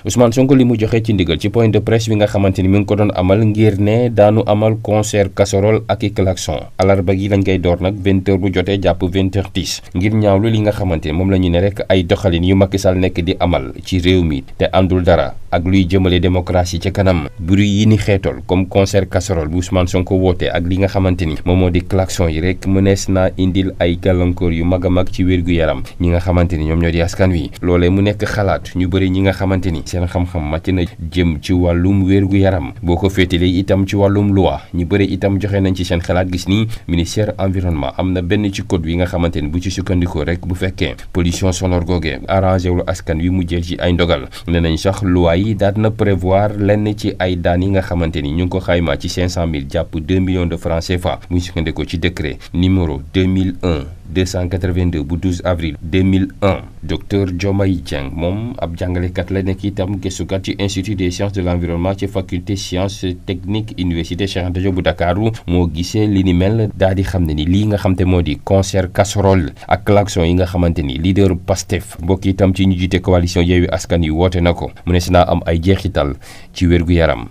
Ousmane Sonko li mu joxee ci ndigal ci point de presse bi nga xamante ni mu ngi ko doon amal ngir ne daanu amal concert casserole ak i klaxon alarba gi lañ koy door nag vingt bu jotee jàpp vingt heures dix ngir ñaawlu li nga xamante ni moom la ñu ne rek ay doxalin yu Macky Sall nekk di amal ci réew mi te àndul dara ak luy jëmale démocratie ca kanam buri yi ni xeetool comme concert casserole bu Ousmane Sonko woote ak li nga xamante ni moom di klaxon yi rek mënees naa indil ay gàllankoor yu mag a mag ci wér gu yaram ñi nga xamante ni ñoom ñoo di askan wi loolee mu nekk xalaat ñu bëri ñi nga xamante ni seen xam-xam màcc na jëm ci wàllum wér gu yaram boo ko féetalee itam ci wàllum loi ñu bëri itam joxe nañ ci seen xalaat gis ni ministère environnement am na benn ci code wi nga xamante ni bu ci sukkandikoo rek bu fekkee pollution sonore googee arrangé wul askan wi mu jël ci ay ndogal nee nañ sax loi ay dat na prévoir lenn ci ay daan yi nga xamante ni ñu ngi ko xayma ci 500000 japp 2 millions de francs CFA bu ñu sukkandikoo ci décret numéro 2001. 282 bu 12 avril 2001 docteur un Dieng Mom, ab kat la nek itam ci institut des sciences de l'environnement ci faculté sciences techniques université Cheikh Anta Diop bu Dakar. mo gisee li ni mel di ni concert casserole ak klaxon yi nga leader Pastef Boki itam ci ñu coalition Yewwi Askan yi na am ay jeexital ci wergu yaram